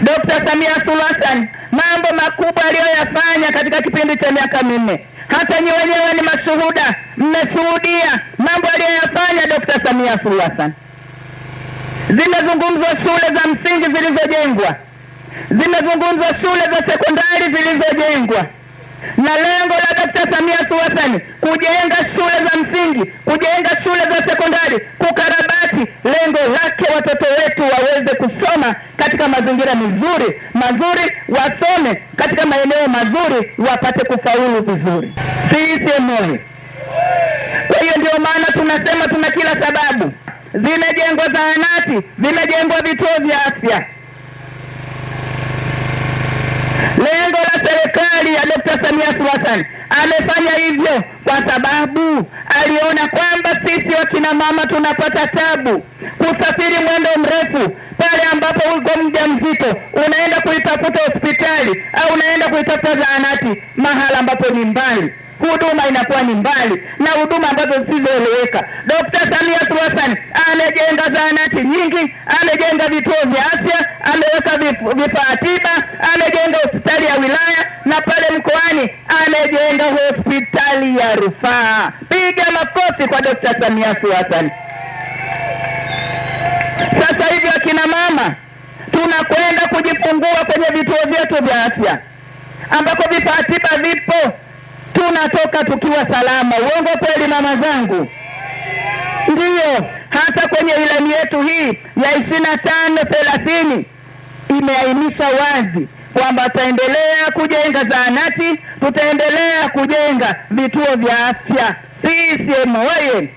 Dkt. Samia Suluhu Hassan mambo makubwa aliyoyafanya katika kipindi cha miaka minne, hata nyi wenyewe ni mashuhuda, mmeshuhudia mambo aliyoyafanya Dkt. Samia Suluhu Hassan. Zimezungumzwa shule za msingi zilizojengwa, zimezungumzwa shule za sekondari zilizojengwa, na lengo la Dkt. Samia Suluhu Hassan kujenga shule za msingi, kujenga shule za sekondari, kukarabati, lengo lake watoto wetu kutoka katika mazingira mizuri mazuri, wasome katika maeneo mazuri, wapate kufaulu vizuri. CCM oyee! Kwa hiyo ndio maana tunasema tuna kila sababu, zimejengwa zahanati, vimejengwa vituo vya afya. Lengo la serikali ya Dkt. Samia Suluhu Hassan amefanya hivyo kwa sababu aliona kwamba sisi wakina mama tunapata tabu kusafiri mwendo mrefu au unaenda kuitafuta zahanati mahala ambapo ni mbali, huduma inakuwa ni mbali na huduma ambazo zisizoeleweka. Dkt. Samia Suluhu Hassan amejenga zahanati nyingi, amejenga vituo vya afya, ameweka vifaa tiba, amejenga hospitali ya wilaya na pale mkoani amejenga hospitali ya rufaa. Piga makofi kwa Dkt. Samia Suluhu Hassan. tunakwenda kujifungua kwenye vituo vyetu vya afya ambako vifaa tiba vipo, tunatoka tukiwa salama. Uongo kweli, mama zangu? Ndiyo, hata kwenye ilani yetu hii ya ishirini na tano thelathini imeainisha wazi kwamba tutaendelea kujenga zahanati, tutaendelea kujenga vituo vya afya. CCM oye!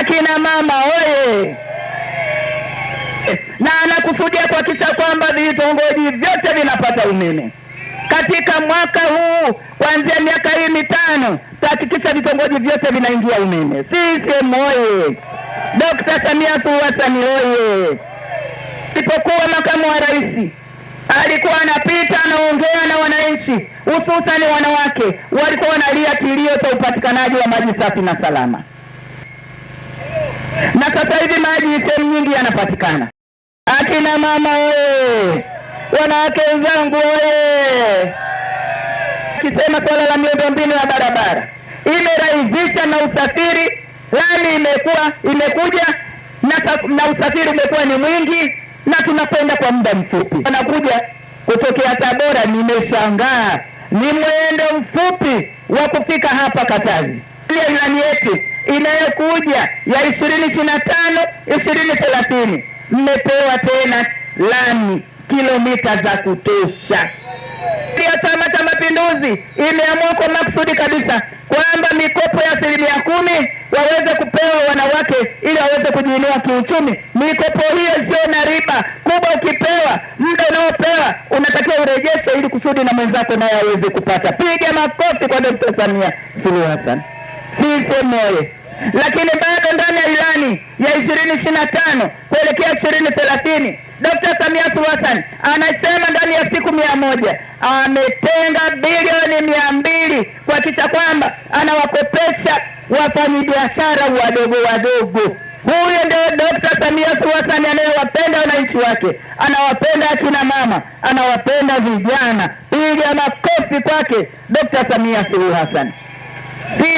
Akina mama oye! tunakusudia kuhakikisha kwamba vitongoji vyote vinapata umeme katika mwaka huu, kuanzia miaka hii mitano tahakikisha vitongoji vyote vinaingia umeme. CCM oye! Dkt. Samia Suluhu Hassan oye! makamu wa rais alikuwa anapita anaongea na wananchi, hususani wanawake walikuwa wanalia kilio cha upatikanaji wa maji safi na salama, na sasa hivi maji sehemu nyingi yanapatikana. Akina mama oye! Wanawake wenzangu oye! Akisema swala la miundombinu ya barabara imerahisisha na usafiri lani imekuwa imekuja na, na usafiri umekuwa ni mwingi na tunakwenda kwa muda mfupi. Anakuja kutokea Tabora, nimeshangaa ni mwendo mfupi wa kufika hapa Katavi. Ilani yetu inayokuja ya ishirini ishirini na tano ishirini thelathini mmepewa tena lami kilomita za kutosha. Ya Chama cha Mapinduzi imeamua kwa makusudi kabisa kwamba mikopo ya asilimia kumi waweze kupewa wanawake ili waweze kujiinua kiuchumi. Mikopo hiyo sio na riba kubwa, ukipewa muda unaopewa unatakiwa urejeshe ili kusudi na mwenzako naye aweze kupata. Piga makofi kwa Dkt. Samia Suluhu Hassan. Sisi lakini bado ndani ya ilani ya ishirini ishirini na tano kuelekea ishirini thelathini Dkt. Samia Suluhu Hassan anasema ndani ya siku mia moja ametenga bilioni mia mbili kuhakikisha kwamba anawakopesha wafanyabiashara wadogo wadogo. Huyo ndio Dkt. Samia Suluhu Hassan anayewapenda wananchi wake, anawapenda akina mama, anawapenda vijana. Piga makofi kwake Dkt. Samia Suluhu Hassan.